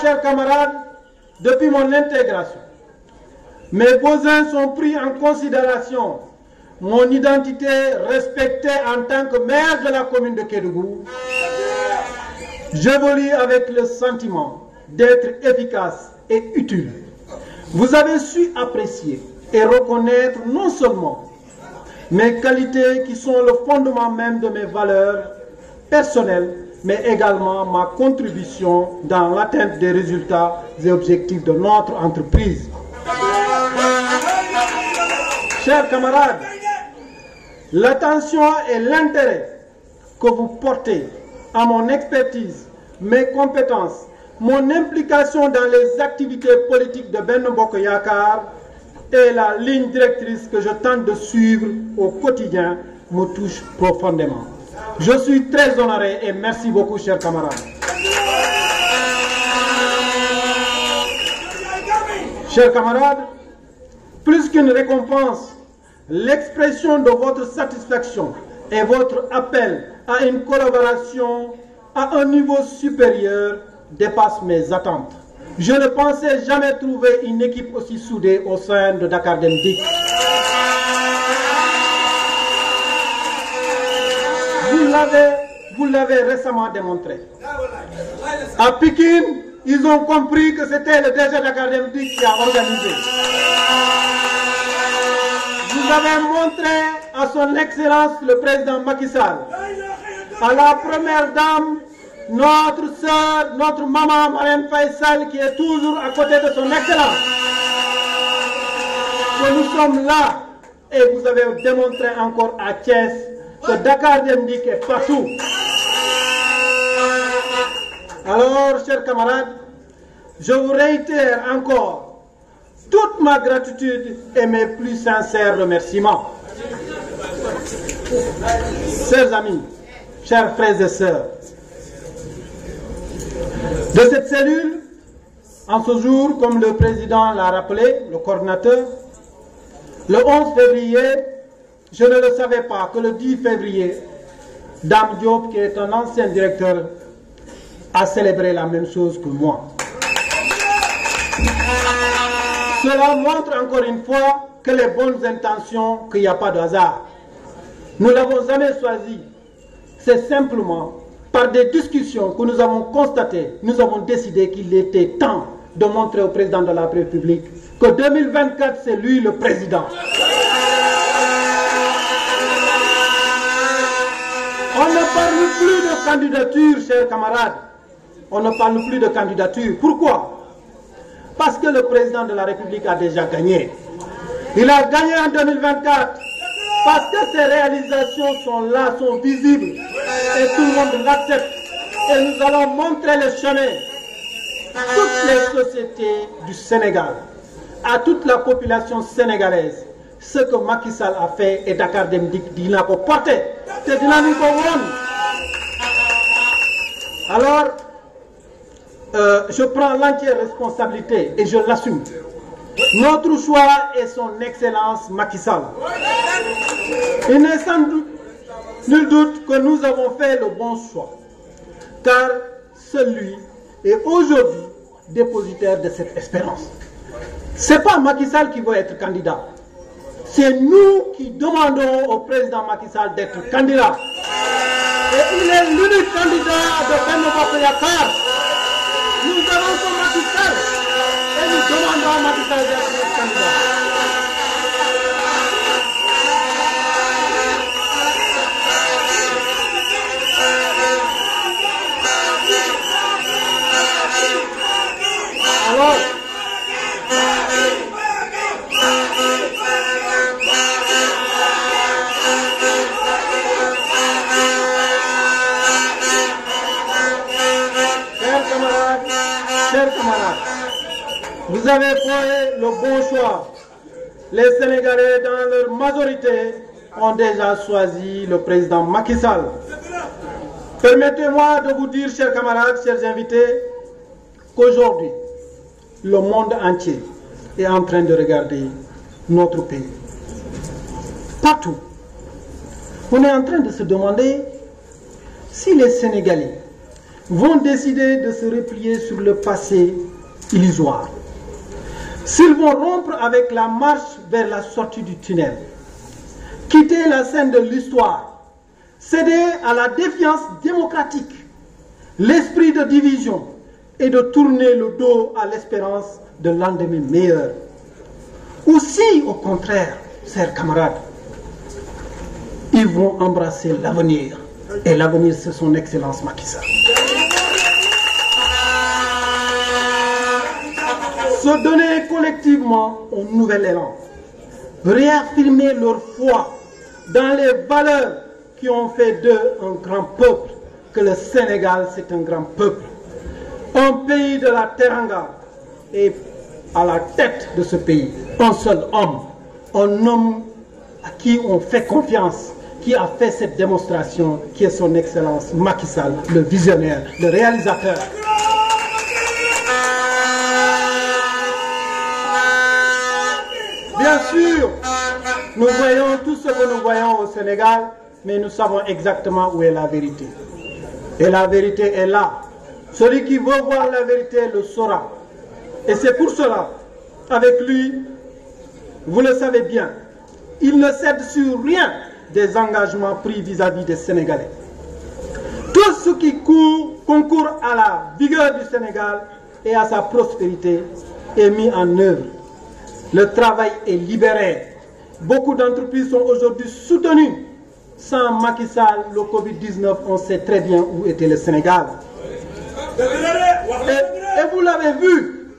chers camarades, depuis mon intégration, mes besoins sont pris en considération. Mon identité respectée en tant que maire de la commune de Kédougou, j'évolue avec le sentiment d'être efficace et utile. Vous avez su apprécier et reconnaître non seulement mes qualités qui sont le fondement même de mes valeurs personnelles, mais également ma contribution dans l'atteinte des résultats et objectifs de notre entreprise. Chers camarades, l'attention et l'intérêt que vous portez à mon expertise, mes compétences, mon implication dans les activités politiques de Ben Yakar et la ligne directrice que je tente de suivre au quotidien me touche profondément. Je suis très honoré et merci beaucoup, chers camarades. Chers camarades, plus qu'une récompense, l'expression de votre satisfaction et votre appel à une collaboration à un niveau supérieur dépasse mes attentes. Je ne pensais jamais trouver une équipe aussi soudée au sein de Dakar Dendik. vous l'avez récemment démontré. À Pékin, ils ont compris que c'était le DG d'académie qui a organisé. Vous avez montré à son excellence le président Macky Sall, à la première dame, notre soeur, notre maman Marine Faisal qui est toujours à côté de son excellence. nous sommes là et vous avez démontré encore à Thiès que Dakar Dem est partout. Alors, chers camarades, je vous réitère encore toute ma gratitude et mes plus sincères remerciements. Chers amis, chers frères et sœurs, de cette cellule, en ce jour, comme le président l'a rappelé, le coordinateur, le 11 février je ne le savais pas que le 10 février, Dame Diop, qui est un ancien directeur, a célébré la même chose que moi. Cela montre encore une fois que les bonnes intentions, qu'il n'y a pas de hasard. Nous l'avons jamais choisi. C'est simplement par des discussions que nous avons constatées, nous avons décidé qu'il était temps de montrer au président de la République que 2024, c'est lui le président. On ne parle plus de candidature, chers camarades. On ne parle plus de candidature. Pourquoi Parce que le président de la République a déjà gagné. Il a gagné en 2024. Parce que ses réalisations sont là, sont visibles. Et tout le monde l'accepte. Et nous allons montrer le chemin à toutes les sociétés du Sénégal, à toute la population sénégalaise, ce que Macky Sall a fait et Dakar Demdik dina porter, porté C'est dynamique alors, euh, je prends l'entière responsabilité et je l'assume. Notre choix est son excellence Macky Sall. Il n'est sans doute, nul doute que nous avons fait le bon choix, car celui est aujourd'hui dépositaire de cette espérance. Ce n'est pas Macky Sall qui veut être candidat. C'est nous qui demandons au président Macky Sall d'être candidat. et il est l'unique candidat de Benoît Yakar. Nous avons son Macky et nous demandons à d'être candidat. Vous avez fait le bon choix. Les Sénégalais, dans leur majorité, ont déjà choisi le président Macky Sall. Permettez-moi de vous dire, chers camarades, chers invités, qu'aujourd'hui, le monde entier est en train de regarder notre pays. Partout, on est en train de se demander si les Sénégalais vont décider de se replier sur le passé illusoire. S'ils vont rompre avec la marche vers la sortie du tunnel, quitter la scène de l'histoire, céder à la défiance démocratique, l'esprit de division et de tourner le dos à l'espérance de lendemain meilleur. Ou si, au contraire, chers camarades, ils vont embrasser l'avenir, et l'avenir, c'est son excellence Makissa. se donner collectivement au nouvel élan, réaffirmer leur foi dans les valeurs qui ont fait d'eux un grand peuple, que le Sénégal c'est un grand peuple, un pays de la Teranga et à la tête de ce pays, un seul homme, un homme à qui on fait confiance, qui a fait cette démonstration, qui est son excellence Macky Sall, le visionnaire, le réalisateur. Bien sûr, nous voyons tout ce que nous voyons au Sénégal, mais nous savons exactement où est la vérité. Et la vérité est là. Celui qui veut voir la vérité le saura. Et c'est pour cela, avec lui, vous le savez bien, il ne cède sur rien des engagements pris vis-à-vis des Sénégalais. Tout ce qui court, concourt à la vigueur du Sénégal et à sa prospérité est mis en œuvre le travail est libéré. Beaucoup d'entreprises sont aujourd'hui soutenues. Sans Macky Sall, le Covid-19, on sait très bien où était le Sénégal. Et, vous l'avez vu,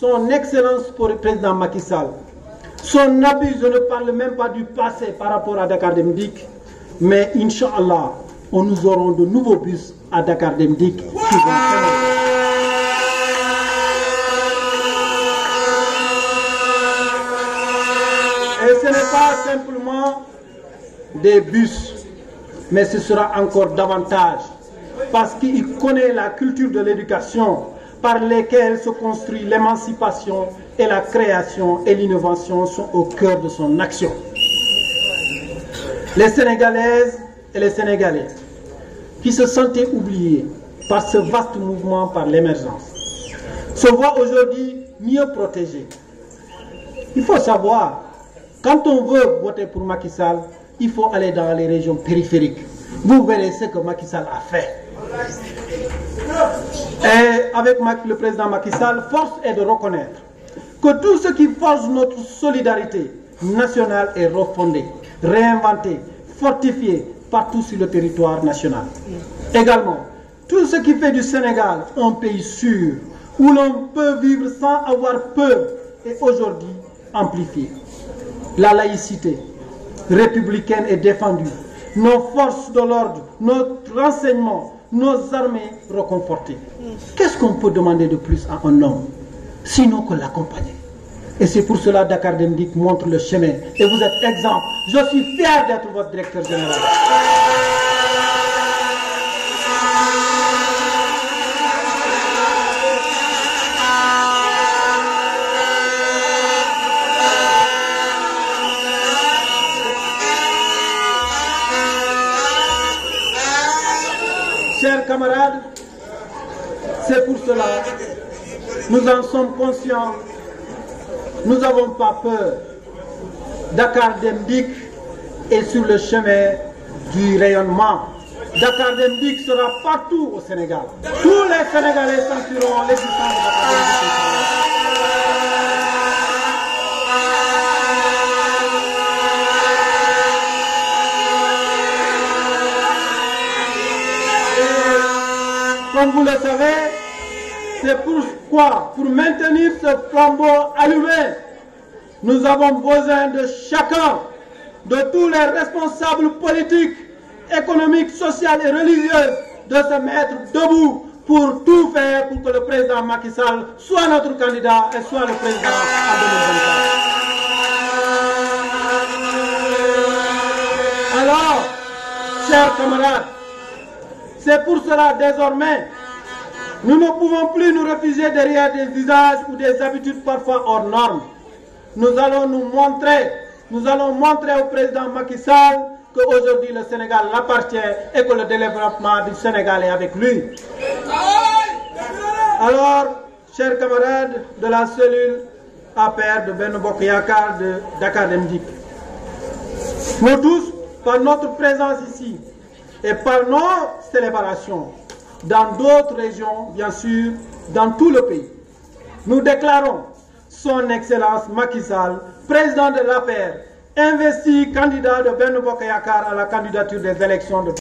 son excellence pour le président Macky Sall, son abus, je ne parle même pas du passé par rapport à Dakar Demdik, mais Inch'Allah, on nous aurons de nouveaux bus à Dakar Demdik pas simplement des bus, mais ce sera encore davantage. Parce qu'il connaît la culture de l'éducation par laquelle se construit l'émancipation et la création et l'innovation sont au cœur de son action. Les Sénégalaises et les Sénégalais qui se sentaient oubliés par ce vaste mouvement, par l'émergence, se voient aujourd'hui mieux protégés. Il faut savoir quand on veut voter pour Macky Sall, il faut aller dans les régions périphériques. Vous verrez ce que Macky Sall a fait. Et avec le président Macky Sall, force est de reconnaître que tout ce qui forge notre solidarité nationale est refondé, réinventé, fortifié partout sur le territoire national. Également, tout ce qui fait du Sénégal un pays sûr, où l'on peut vivre sans avoir peur, est aujourd'hui amplifié la laïcité républicaine est défendue, nos forces de l'ordre, notre renseignement, nos armées reconfortées. Qu'est-ce qu'on peut demander de plus à un homme, sinon que l'accompagner Et c'est pour cela Dakar Dendik montre le chemin. Et vous êtes exemple. Je suis fier d'être votre directeur général. Nous en sommes conscients. Nous n'avons pas peur. Dakar Dembik est sur le chemin du rayonnement. Dakar Dembik sera partout au Sénégal. Tous les Sénégalais sentiront l'existence de Dakar Dembik. Comme vous le savez, c'est pourquoi, pour maintenir ce flambeau allumé, nous avons besoin de chacun, de tous les responsables politiques, économiques, sociaux et religieux de se mettre debout pour tout faire pour que le président Macky Sall soit notre candidat et soit le président à Alors, chers camarades, c'est pour cela désormais nous ne pouvons plus nous refuser derrière des visages ou des habitudes parfois hors normes. Nous allons nous montrer, nous allons montrer au président Macky Sall qu'aujourd'hui le Sénégal l'appartient et que le développement du Sénégal est avec lui. Alors, chers camarades de la cellule APR de Benobok Yakar de Dakar Demdik, nous tous, par notre présence ici et par nos célébrations, dans d'autres régions, bien sûr, dans tout le pays. Nous déclarons son Excellence Macky Sall, président de l'APR, investi candidat de Benno Bokayakar à la candidature des élections de